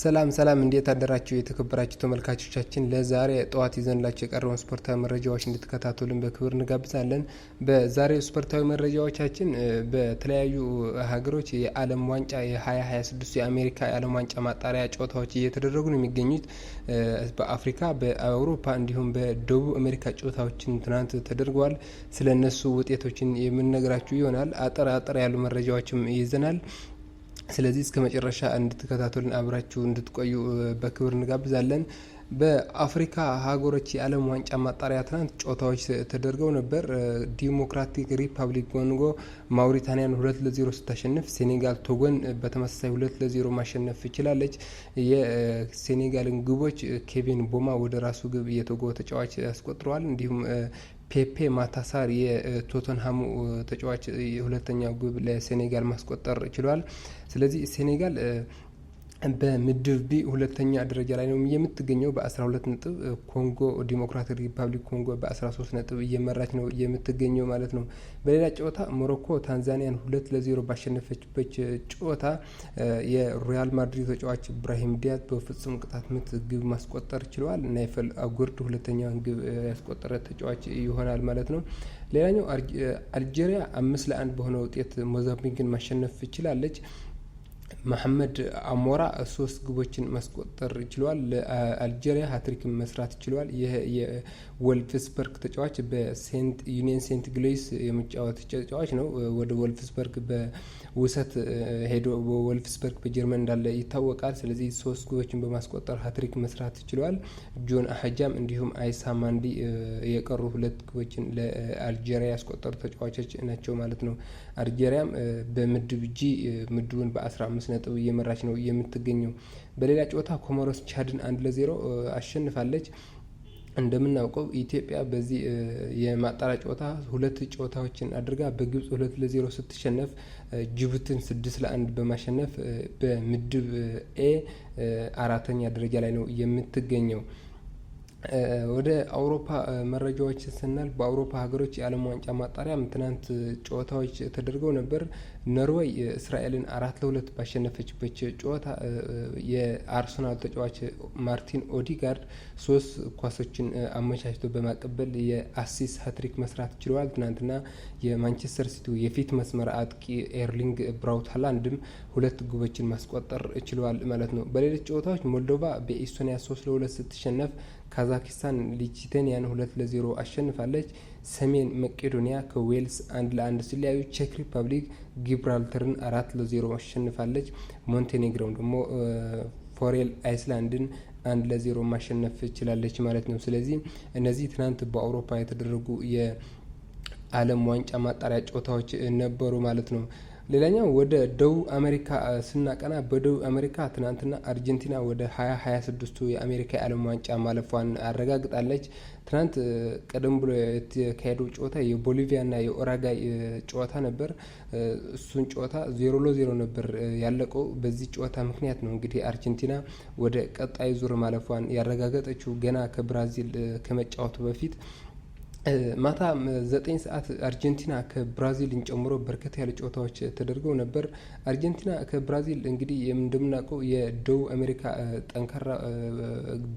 ሰላም ሰላም እንዴት አደራችሁ የተከበራችሁ ተመልካቾቻችን፣ ለዛሬ ጠዋት ይዘንላችሁ የቀረውን ስፖርታዊ መረጃዎች እንድትከታተሉን በክብር እንጋብዛለን። በዛሬው ስፖርታዊ መረጃዎቻችን በተለያዩ ሀገሮች የዓለም ዋንጫ የ2026 የአሜሪካ የዓለም ዋንጫ ማጣሪያ ጨዋታዎች እየተደረጉ ነው የሚገኙት። በአፍሪካ በአውሮፓ እንዲሁም በደቡብ አሜሪካ ጨዋታዎችን ትናንት ተደርገዋል። ስለ እነሱ ውጤቶችን የምንነግራችሁ ይሆናል። አጠር አጠር ያሉ መረጃዎችም ይዘናል። ስለዚህ እስከ መጨረሻ እንድትከታተሉን አብራችሁ እንድትቆዩ በክብር እንጋብዛለን። በአፍሪካ ሀገሮች የዓለም ዋንጫ ማጣሪያ ትናንት ጨዋታዎች ተደርገው ነበር። ዲሞክራቲክ ሪፐብሊክ ኮንጎ ማውሪታንያን ሁለት ለዜሮ ስታሸንፍ፣ ሴኔጋል ቶጎን በተመሳሳይ ሁለት ለዜሮ ማሸነፍ ችላለች። የሴኔጋልን ግቦች ኬቪን ቦማ ወደ ራሱ ግብ የቶጎ ተጫዋች ያስቆጥረዋል። እንዲሁም ፔፔ ማታሳር የቶተንሃሙ ተጫዋች ሁለተኛ ግብ ለሴኔጋል ማስቆጠር ችሏል። ስለዚህ ሴኔጋል በምድብ ቢ ሁለተኛ ደረጃ ላይ ነው የምትገኘው በ12 ነጥብ። ኮንጎ ዲሞክራቲክ ሪፐብሊክ ኮንጎ በ13 ነጥብ እየመራች ነው የምትገኘው ማለት ነው። በሌላ ጨዋታ ሞሮኮ ታንዛኒያን ሁለት ለዜሮ ባሸነፈችበት ጨዋታ የሪያል ማድሪድ ተጫዋች ብራሂም ዲያዝ በፍጹም ቅጣት ምት ግብ ማስቆጠር ችለዋል። ናይፈል አጉርድ ሁለተኛውን ግብ ያስቆጠረ ተጫዋች ይሆናል ማለት ነው። ሌላኛው አልጄሪያ አምስት ለአንድ በሆነ ውጤት ሞዛምቢክን ማሸነፍ ችላለች። መሐመድ አሞራ ሶስት ግቦችን ማስቆጠር ችለዋል። ለአልጄሪያ ሀትሪክን መስራት ችለዋል። የወልፍስበርግ ተጫዋች በሴንት ዩኒየን ሴንት ግሎይስ የመጫወት ተጫዋች ነው። ወደ ወልፍስበርግ በውሰት ሄዶ ወልፍስበርግ በጀርመን እንዳለ ይታወቃል። ስለዚህ ሶስት ግቦችን በማስቆጠር ሀትሪክ መስራት ችለዋል። ጆን አሀጃም እንዲሁም አይሳ ማንዲ የቀሩ ሁለት ግቦችን ለአልጄሪያ ያስቆጠሩ ተጫዋቾች ናቸው ማለት ነው። አልጄሪያም በምድብ ጂ ምድቡን በአስራ አምስት ነጥብ እየመራች ነው የምትገኘው። በሌላ ጨዋታ ኮሞሮስ ቻድን አንድ ለዜሮ አሸንፋለች። እንደምናውቀው ኢትዮጵያ በዚህ የማጣሪያ ጨዋታ ሁለት ጨዋታዎችን አድርጋ በግብጽ ሁለት ለዜሮ ስትሸነፍ ጅቡትን ስድስት ለአንድ በማሸነፍ በምድብ ኤ አራተኛ ደረጃ ላይ ነው የምትገኘው። ወደ አውሮፓ መረጃዎች ስናል በአውሮፓ ሀገሮች የዓለም ዋንጫ ማጣሪያም ትናንት ጨዋታዎች ተደርገው ነበር። ኖርዌይ እስራኤልን አራት ለሁለት ባሸነፈችበት ጨዋታ የአርሰናል ተጫዋች ማርቲን ኦዲጋርድ ሶስት ኳሶችን አመቻችቶ በማቀበል የአሲስ ሀትሪክ መስራት ችለዋል። ትናንትና የማንቸስተር ሲቲ የፊት መስመር አጥቂ ኤርሊንግ ብራውት ሀላንድም ሁለት ግቦችን ማስቆጠር ችለዋል ማለት ነው። በሌሎች ጨዋታዎች ሞልዶቫ በኢስቶኒያ ሶስት ለሁለት ስትሸነፍ፣ ካዛኪስታን ሊችቴኒያን ሁለት ለዜሮ አሸንፋለች። ሰሜን መቄዶንያ ከዌልስ አንድ ለአንድ ሲለያዩ ቼክ ሪፐብሊክ ጊብራልተርን አራት ለዜሮ አሸንፋለች። ሞንቴኔግሮም ደግሞ ፎሬል አይስላንድን አንድ ለዜሮ ማሸነፍ ችላለች ማለት ነው። ስለዚህ እነዚህ ትናንት በአውሮፓ የተደረጉ የዓለም ዋንጫ ማጣሪያ ጨዋታዎች ነበሩ ማለት ነው። ሌላኛው ወደ ደቡብ አሜሪካ ስናቀና በደቡብ አሜሪካ ትናንትና አርጀንቲና ወደ ሀያ ሀያ ስድስቱ የአሜሪካ የዓለም ዋንጫ ማለፏን አረጋግጣለች። ትናንት ቀደም ብሎ የተካሄደው ጨዋታ የቦሊቪያና የኦራጋይ ጨዋታ ነበር። እሱን ጨዋታ ዜሮ ለዜሮ ነበር ያለቀው። በዚህ ጨዋታ ምክንያት ነው እንግዲህ አርጀንቲና ወደ ቀጣይ ዙር ማለፏን ያረጋገጠችው ገና ከብራዚል ከመጫወቱ በፊት ማታ ዘጠኝ ሰዓት አርጀንቲና ከብራዚልን ጨምሮ በርከት ያሉ ጨዋታዎች ተደርገው ነበር። አርጀንቲና ከብራዚል እንግዲህ እንደምናውቀው የደቡብ አሜሪካ ጠንካራ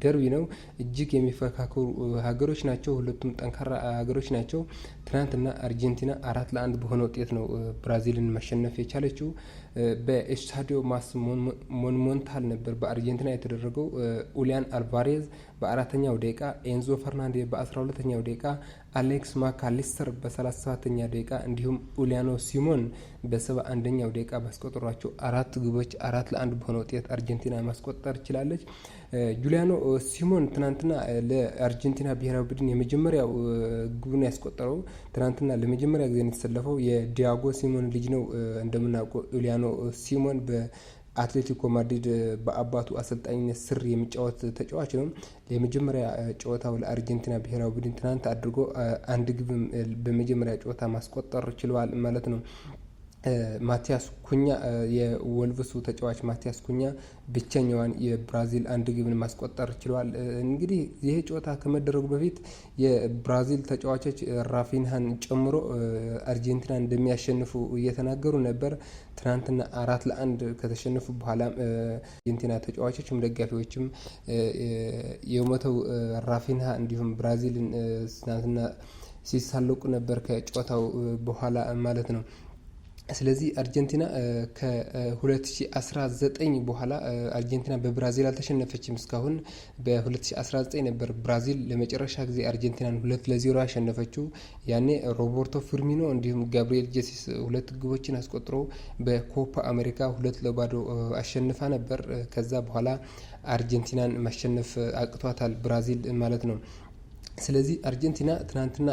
ደርቢ ነው። እጅግ የሚፈካከሩ ሀገሮች ናቸው። ሁለቱም ጠንካራ ሀገሮች ናቸው። ትናንትና አርጀንቲና አራት ለአንድ በሆነ ውጤት ነው ብራዚልን ማሸነፍ የቻለችው። በኤስታዲዮ ማስ ሞንሞንታል ነበር በአርጀንቲና የተደረገው። ኡሊያን አልቫሬዝ በአራተኛው ደቂቃ፣ ኤንዞ ፈርናንዴ በአስራ ሁለተኛው ደቂቃ አሌክስ ማካሊስተር በ37ኛ ደቂቃ እንዲሁም ኡሊያኖ ሲሞን በ71ኛው ደቂቃ ባስቆጠሯቸው አራት ግቦች አራት ለአንድ በሆነ ውጤት አርጀንቲና ማስቆጠር ችላለች። ጁሊያኖ ሲሞን ትናንትና ለአርጀንቲና ብሔራዊ ቡድን የመጀመሪያው ግቡን ያስቆጠረው ትናንትና ለመጀመሪያ ጊዜ የተሰለፈው የዲያጎ ሲሞን ልጅ ነው። እንደምናውቀው ኡሊያኖ ሲሞን አትሌቲኮ ማድሪድ በአባቱ አሰልጣኝነት ስር የሚጫወት ተጫዋች ነው። የመጀመሪያ ጨዋታው ለአርጀንቲና ብሔራዊ ቡድን ትናንት አድርጎ አንድ ግብ በመጀመሪያ ጨዋታ ማስቆጠር ችለዋል ማለት ነው። ማቲያስ ኩኛ የወልቭሱ ተጫዋች ማቲያስ ኩኛ ብቸኛዋን የብራዚል አንድ ግብን ማስቆጠር ችሏል። እንግዲህ ይህ ጨዋታ ከመደረጉ በፊት የብራዚል ተጫዋቾች ራፊንሃን ጨምሮ አርጀንቲና እንደሚያሸንፉ እየተናገሩ ነበር። ትናንትና አራት ለአንድ ከተሸነፉ በኋላ አርጀንቲና ተጫዋቾችም ደጋፊዎችም የሞተው ራፊንሃ እንዲሁም ብራዚልን ትናንትና ሲሳለቁ ነበር ከጨዋታው በኋላ ማለት ነው። ስለዚህ አርጀንቲና ከ2019 በኋላ አርጀንቲና በብራዚል አልተሸነፈችም። እስካሁን በ2019 ነበር ብራዚል ለመጨረሻ ጊዜ አርጀንቲናን ሁለት ለዜሮ ያሸነፈችው። ያኔ ሮበርቶ ፊርሚኖ እንዲሁም ጋብሪኤል ጄሲስ ሁለት ግቦችን አስቆጥሮ በኮፓ አሜሪካ ሁለት ለባዶ አሸንፋ ነበር። ከዛ በኋላ አርጀንቲናን ማሸነፍ አቅቷታል ብራዚል ማለት ነው። ስለዚህ አርጀንቲና ትናንትና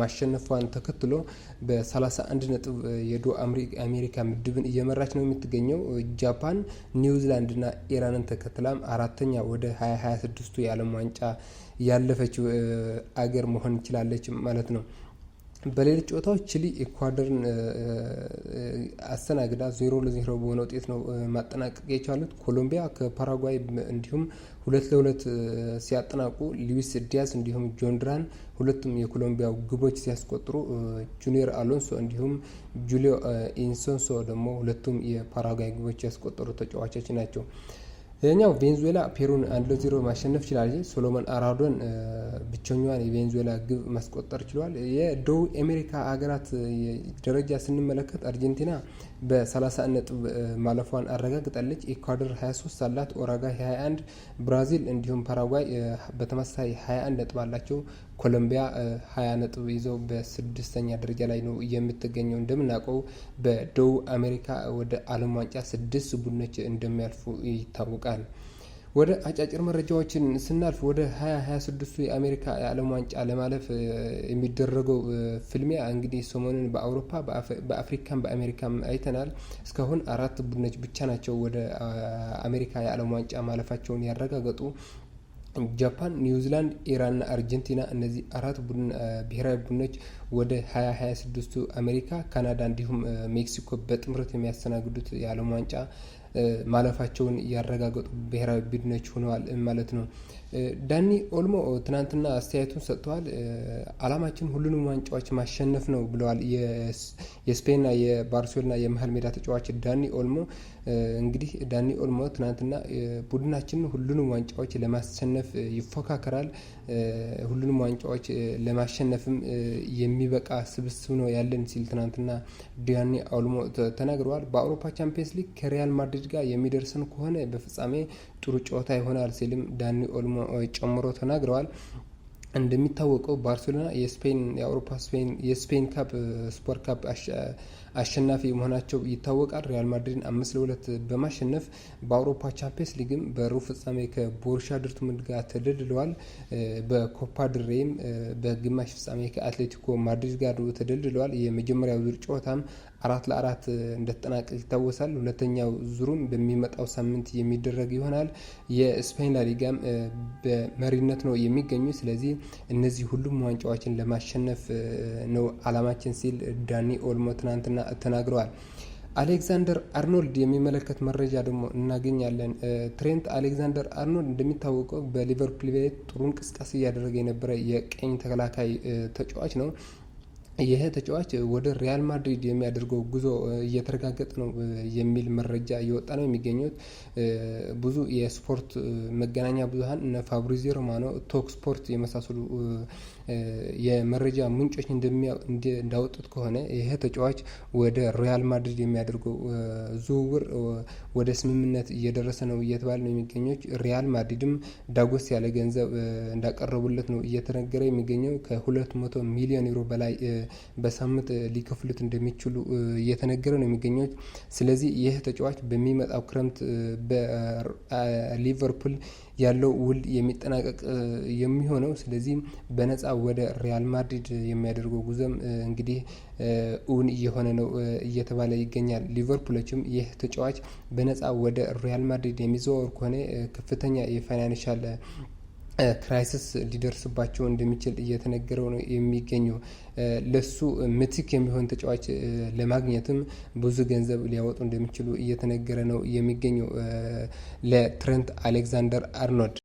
ማሸነፏን ተከትሎ በ31 ነጥብ የዶ አሜሪካ ምድብን እየመራች ነው የምትገኘው። ጃፓን፣ ኒውዚላንድና ኢራንን ተከትላም አራተኛ ወደ 2026ቱ የዓለም ዋንጫ ያለፈችው አገር መሆን ይችላለች ማለት ነው። በሌሎች ጨዋታዎች ቺሊ ኢኳዶርን አስተናግዳ ዜሮ ለዜሮ በሆነ ውጤት ነው ማጠናቀቅ የቻሉት። ኮሎምቢያ ከፓራጓይ እንዲሁም ሁለት ለሁለት ሲያጠናቁ ሉዊስ ዲያስ እንዲሁም ጆንድራን ሁለቱም የኮሎምቢያ ግቦች ሲያስቆጥሩ ጁኒየር አሎንሶ እንዲሁም ጁሊዮ ኢንሶንሶ ደግሞ ሁለቱም የፓራጓይ ግቦች ያስቆጠሩ ተጫዋቾች ናቸው። ሌላኛው ቬንዙዌላ ፔሩን አንድ ለዜሮ ማሸነፍ ችላለች። ሶሎሞን አራዶን ብቸኛዋን የቬንዙዌላ ግብ ማስቆጠር ችሏል። የደቡብ አሜሪካ ሀገራት ደረጃ ስንመለከት አርጀንቲና በ30 ነጥብ ማለፏን አረጋግጣለች። ኢኳዶር 23 አላት፣ ኦራጋ 21፣ ብራዚል እንዲሁም ፓራጓይ በተመሳሳይ 21 ነጥብ አላቸው። ኮሎምቢያ ሀያ ነጥብ ይዘው በስድስተኛ ደረጃ ላይ ነው የምትገኘው። እንደምናውቀው በደቡብ አሜሪካ ወደ ዓለም ዋንጫ ስድስት ቡድኖች እንደሚያልፉ ይታወቃል። ወደ አጫጭር መረጃዎችን ስናልፍ ወደ 2026ቱ የአሜሪካ የዓለም ዋንጫ ለማለፍ የሚደረገው ፍልሚያ እንግዲህ ሰሞኑን በአውሮፓ በአፍሪካም በአሜሪካም አይተናል። እስካሁን አራት ቡድኖች ብቻ ናቸው ወደ አሜሪካ የዓለም ዋንጫ ማለፋቸውን ያረጋገጡ። ጃፓን፣ ኒውዚላንድ፣ ኢራንና አርጀንቲና እነዚህ አራት ብሔራዊ ቡድኖች ወደ ሀያ ስድስቱ አሜሪካ፣ ካናዳ እንዲሁም ሜክሲኮ በጥምረት የሚያስተናግዱት የዓለም ዋንጫ ማለፋቸውን ያረጋገጡ ብሔራዊ ቡድኖች ሆነዋል ማለት ነው። ዳኒ ኦልሞ ትናንትና አስተያየቱን ሰጥተዋል። አላማችን ሁሉንም ዋንጫዎች ማሸነፍ ነው ብለዋል። የስፔንና የባርሴሎና የመሀል ሜዳ ተጫዋች ዳኒ ኦልሞ እንግዲህ ዳኒ ኦልሞ ትናንትና ቡድናችን ሁሉንም ዋንጫዎች ለማሸነፍ ይፎካከራል፣ ሁሉንም ዋንጫዎች ለማሸነፍም የሚበቃ ስብስብ ነው ያለን ሲል ትናንትና ዳኒ ኦልሞ ተናግረዋል። በአውሮፓ ቻምፒየንስ ሊግ ከሪያል ማድሪድ ጋር የሚደርሰን ከሆነ በፍጻሜ ጥሩ ጨዋታ ይሆናል ሲልም ዳኒ ኦልሞ ጨምሮ ተናግረዋል። እንደሚታወቀው ባርሴሎና የስፔን የአውሮፓ ስፔን የስፔን ካፕ ስፖርት ካፕ አሸናፊ መሆናቸው ይታወቃል። ሪያል ማድሪድን አምስት ለሁለት በማሸነፍ በአውሮፓ ቻምፒየንስ ሊግም በሩብ ፍጻሜ ከቦሩሻ ዶርትሙንድ ጋር ተደልድለዋል። በኮፓ ድሬም በግማሽ ፍጻሜ ከአትሌቲኮ ማድሪድ ጋር ተደልድለዋል። የመጀመሪያ ዙር ጨዋታም አራት ለአራት እንደተጠናቀቀ ይታወሳል። ሁለተኛው ዙሩም በሚመጣው ሳምንት የሚደረግ ይሆናል። የስፔን ላሊጋም በመሪነት ነው የሚገኙ። ስለዚህ እነዚህ ሁሉም ዋንጫዎችን ለማሸነፍ ነው አላማችን ሲል ዳኒ ኦልሞ ትናንትና ተናግረዋል። አሌክዛንደር አርኖልድ የሚመለከት መረጃ ደግሞ እናገኛለን። ትሬንት አሌክዛንደር አርኖልድ እንደሚታወቀው በሊቨርፑል ቤት ጥሩ እንቅስቃሴ እያደረገ የነበረ የቀኝ ተከላካይ ተጫዋች ነው። ይሄ ተጫዋች ወደ ሪያል ማድሪድ የሚያደርገው ጉዞ እየተረጋገጠ ነው የሚል መረጃ እየወጣ ነው የሚገኙት። ብዙ የስፖርት መገናኛ ብዙሀን እነ ፋብሪዚ ሮማኖ፣ ቶክ ስፖርት የመሳሰሉ የመረጃ ምንጮች እንዳወጡት ከሆነ ይሄ ተጫዋች ወደ ሪያል ማድሪድ የሚያደርገው ዝውውር ወደ ስምምነት እየደረሰ ነው እየተባለ ነው የሚገኘች። ሪያል ማድሪድም ዳጎስ ያለ ገንዘብ እንዳቀረቡለት ነው እየተነገረ የሚገኘው ከሁለት መቶ ሚሊዮን ዩሮ በላይ በሳምንት ሊከፍሉት እንደሚችሉ እየተነገረ ነው የሚገኘው። ስለዚህ ይህ ተጫዋች በሚመጣው ክረምት በሊቨርፑል ያለው ውል የሚጠናቀቅ የሚሆነው ስለዚህ በነፃ ወደ ሪያል ማድሪድ የሚያደርገው ጉዞም እንግዲህ እውን እየሆነ ነው እየተባለ ይገኛል። ሊቨርፑሎችም ይህ ተጫዋች በነፃ ወደ ሪያል ማድሪድ የሚዘዋወር ከሆነ ከፍተኛ የፋይናንሻል ክራይሲስ ሊደርስባቸው እንደሚችል እየተነገረው ነው የሚገኘው። ለሱ ምትክ የሚሆን ተጫዋች ለማግኘትም ብዙ ገንዘብ ሊያወጡ እንደሚችሉ እየተነገረ ነው የሚገኘው ለትረንት አሌክዛንደር አርኖልድ